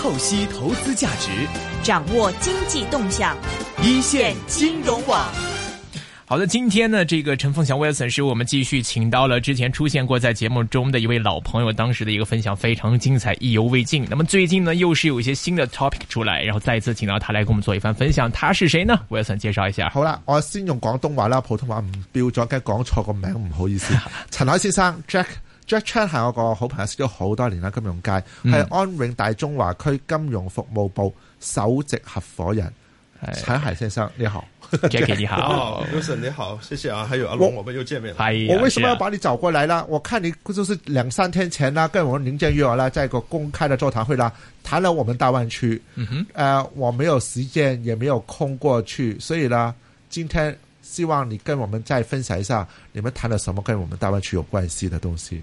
透析投資價值，掌握經濟動向，一線金融網。好的，今天呢，這個陳鳳翔 Wilson 是我們繼續請到了之前出現過在節目中的一位老朋友，當時的一個分享非常精彩，意猶未盡。那麼最近呢，又是有一些新的 topic 出來，然後再次請到他來給我們做一番分享。他是誰呢？Wilson 介紹一下。好啦，我先用廣東話啦，普通話唔標準，驚講錯個名，唔好意思。 陳凱先生，Jack。Jack Chan 係我個好朋友，識咗好多年啦，金融界係、嗯、安永大中華區金融服務部首席合夥人陳凱先生，你好 Jack 你好，劉 生、oh, 你好，謝謝啊，還有阿龍，我，我們又見面了、啊啊、我為什麼要把你找過來啦？我看你就是兩三天前啦，跟我們林建岳啦，在一個公開的座談會啦，談了我們大灣區。嗯哼，誒、呃，我沒有時間，也沒有空過去，所以呢，今天希望你跟我們再分享一下，你們談了什麼跟我們大灣區有關係的東西。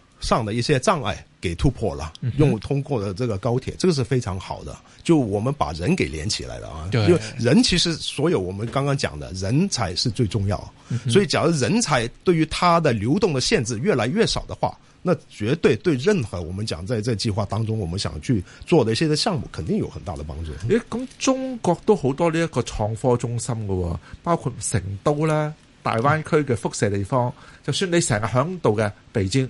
上的一些障礙給突破了，用通過的這個高鐵，這個是非常好的。就我們把人給連起來了啊！因為人其實所有我們剛剛講的人才是最重要，嗯，所以假如人才對於它的流動的限制越來越少的話，那絕對對任何我們講在這計劃當中我們想去做的一些的項目，肯定有很大的幫助。誒，咁中國都好多呢一個創科中心㗎，哦，包括成都啦、大灣區嘅輻射地方，嗯、就算你成日響到嘅北京